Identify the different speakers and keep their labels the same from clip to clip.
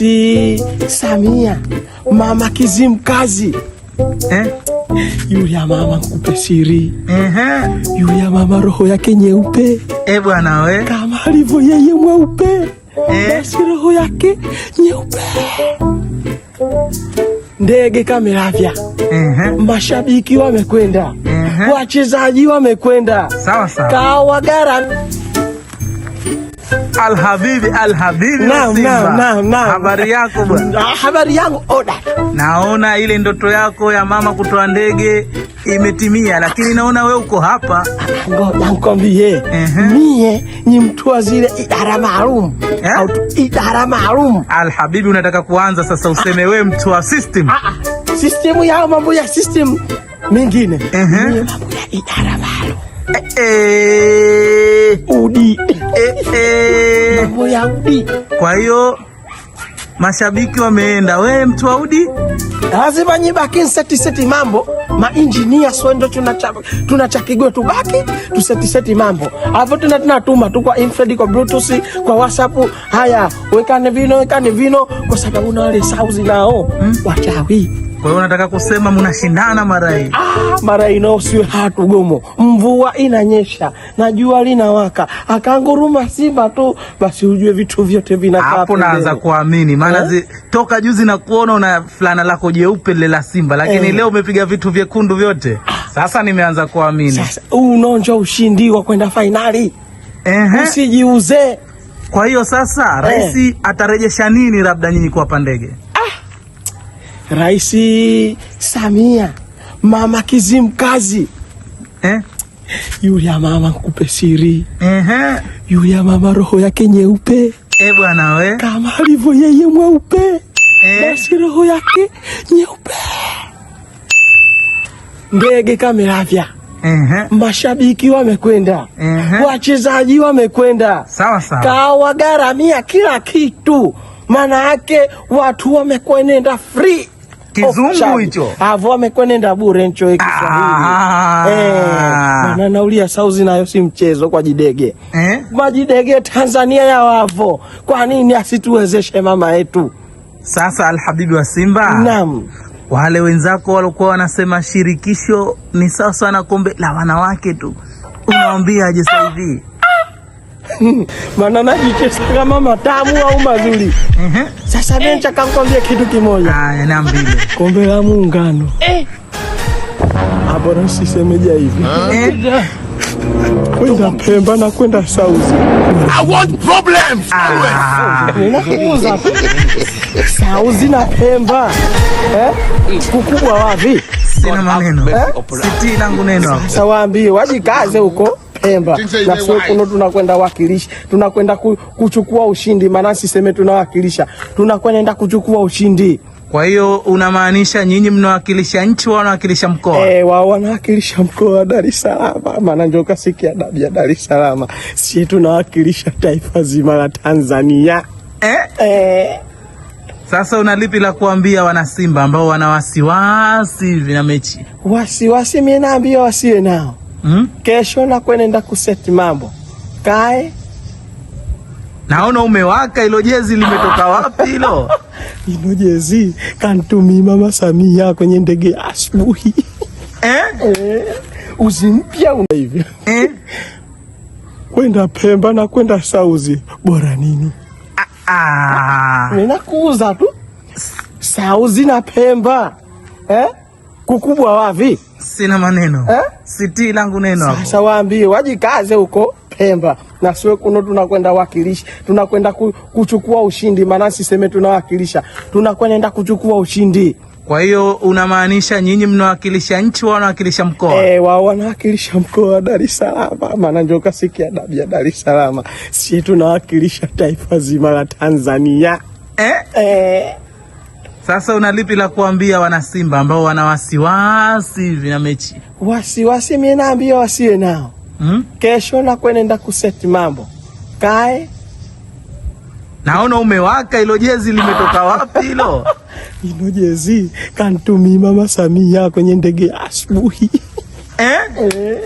Speaker 1: Raisi Samia, mama Kizimkazi eh? Yule ya mama nkupe siri
Speaker 2: uh -huh.
Speaker 1: Yule ya mama roho yake nyeupe
Speaker 2: eh bwana we,
Speaker 1: kama alivyo yeye mweupe eh? basi roho yake nyeupe ndege kamelavya. uh -huh. Mashabiki wamekwenda, uh -huh. wachezaji wamekwenda, sawa sawa, kawagara
Speaker 2: Alhabibi, Alhabibi,
Speaker 1: na, na, na, na.
Speaker 2: habari yako bwana?
Speaker 1: Ah, habari yangu oda.
Speaker 2: Naona ile ndoto yako ya mama kutoa ndege imetimia, lakini naona we uko hapa.
Speaker 1: Ngoja nikwambie, mie ni mtu wa zile idara maalum eh? au idara maalum.
Speaker 2: Alhabibi, unataka kuanza sasa, useme we mtu wa system. Ah,
Speaker 1: ah. System yao mambo ya system mingine, mambo ya idara maalum Eh, eh. udi eh, Mambo ya udi. Kwa hiyo mashabiki wameenda, we mtu wa udi lazima nyibaki seti seti mambo mainjinia swendo tunachakigwe tubaki tusetiseti mambo alafu tuna tunatuma tu kwa infrared kwa bluetooth kwa whatsapp haya wekane vino wekane vino kwa sababu na wale sauzi nao mm. wachawi kwa hiyo nataka kusema mnashindana marai. Ah, marai nao siwe gomo. Mvua inanyesha na jua linawaka, akanguruma simba tu, basi ujue vitu vyote vinakaa hapo. Naanza kuamini maana eh? toka juzi na kuona una fulana lako jeupe lile la simba, lakini eh, leo umepiga vitu vyekundu vyote. Ah. Sasa nimeanza kuamini. Sasa unaonja ushindi wa kwenda fainali, usijiuze. Kwa hiyo sasa eh. rais atarejesha nini? Labda nyinyi kuwapa ndege Rais Samia, mama Kizimkazi eh? Yule ya mama nkupe siri uh -huh. Yule ya mama roho yake nyeupe eh, bwana we, kama alivyo yeye mweupe eh? basi roho yake nyeupe ndege kamelavya uh -huh. Mashabiki wamekwenda uh -huh. Wachezaji wamekwenda sawa sawa, kawagaramia kila kitu, maana yake watu wamekwenenda free Kizungu hicho avo amekwenenda bure ncho Kiswahili ah. eh, naulia sauzi nayo si mchezo kwa jidege eh? Majidege Tanzania ya wavo, kwa nini asituwezeshe mama yetu? Sasa Alhabibi wa Simba, naam, wale wenzako walikuwa wanasema shirikisho ni sawa sana kombe la wanawake tu, unaambiaje aje sasa hivi? mananasi chesa kama matamu au mazuri. Mhm. Sasa mimi eh. nataka nikwambie kitu kimoja. Haya, niambie. Kombe la Muungano. Eh. Hapo na sisemeja hivi. Eh. Kwenda Pemba na kwenda sauzi. I want problems. Ninakuuza. Ah. South na Pemba. Eh? Kukubwa wapi? Sina maneno. Eh? Siti langu neno. Sasa wajikaze huko. Pemba na sio kuno, tunakwenda wakilisha, tunakwenda kuchukua ushindi. Maana siseme tunawakilisha, tunakwenda kuchukua ushindi. Kwa hiyo unamaanisha nyinyi mnawakilisha nchi, wao wanawakilisha mkoa? Eh, wao wanawakilisha mkoa wa Dar es Salaam, maana ndio kasikia dabi ya Dar es Salaam. Sisi tunawakilisha taifa zima la Tanzania. Eh? Eh. Sasa una lipi la kuambia wana Simba ambao wana wasiwasi hivi na mechi? Wasiwasi mimi naambia wasiwe nao mm -hmm. Kesho nakuwa naenda kuseti mambo kae Naona umewaka. Ilo jezi limetoka wapi hilo? Ilo jezi kantumia Mama Samia kwenye ndege asubuhi eh? Eh, uzi una hivyo eh? kwenda Pemba na kwenda Sauzi bora nini? ah, ah. Ninakuuza tu Sauzi na Pemba eh? kukubwa wavi, sina maneno eh? Siti langu neno Sasa waambie wajikaze huko Pemba na siwe kuno, tunakwenda wakilishi tunakwenda kuchukua ushindi, maana siseme tunawakilisha, tunakwenda kuchukua ushindi. Kwa hiyo unamaanisha nyinyi mnawakilisha nchi, wao wanawakilisha mkoa? Eh, wao wanawakilisha mkoa wa Dar es Salaam, maana ndio kasikia dabi ya Dar es Salaam. Sisi tunawakilisha taifa zima la Tanzania eh? Eh. Sasa una lipi la kuambia wanasimba ambao wana wasiwasi hivi na mechi? Wasiwasi mimi naambia wasiwe nao hmm? Kesho nakwenenda kuseti mambo kae. Naona umewaka, ilo jezi limetoka wapi hilo? ilo jezi kantumii Mama Samia kwenye ndege ya asubuhi eh? Eh,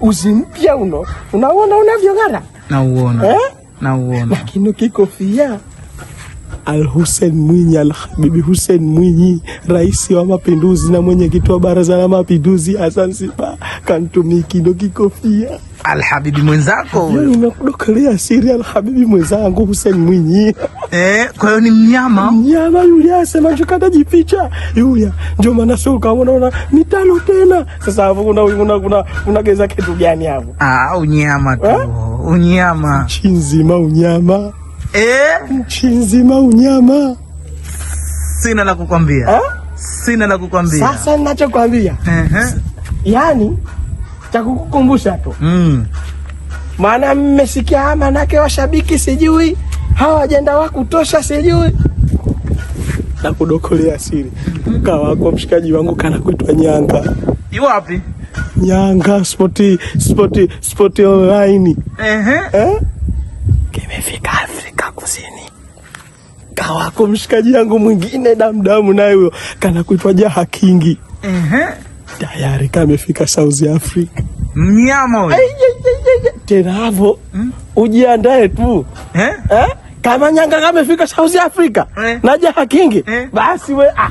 Speaker 1: uzi mpya uno, unaona unavyong'ara, nauona eh? Nauona lakini kikofia Al Hussein Mwinyi, Al Habibi Hussein Mwinyi, rais wa mapinduzi na mwenyekiti wa baraza la mapinduzi Zanzibar, ndo kikofia. Al Habibi mwenzako yaani unakudokolea siri. Al Habibi mwenzangu Hussein Mwinyi. Eh, kwa hiyo ni mnyama mnyama yule, asema chukata jificha yule, ndio maana sio kama unaona mitano tena. Sasa hapo kuna kuna kuna unageza kitu gani hapo? Ah, unyama tu, eh? unyama chinzima, unyama Eh? nchi nzima unyama. Sina la kukwambia eh? Sina la kukwambia sasa, ninachokwambia Eh eh. Yani cha kukukumbusha tu mm. Maana mmesikia ah, manake washabiki sijui ajenda wa kutosha sijui na kudokolea siri mka wako mshikaji wangu kana kuitwa Nyanga. Yuko wapi? Nyanga Sporti Sporti Sporti Online. Ehe. Eh? Kimefika kawako mshikaji yangu mwingine damdamu, naye huyo kana kuitwa Jaha Kingi. uh Tayari kamefika South Africa mnyama tena hapo hmm? Ujiandae tu eh? Eh? Kama nyanga kamefika South Africa eh? na Jaha Kingi eh? basi we ah.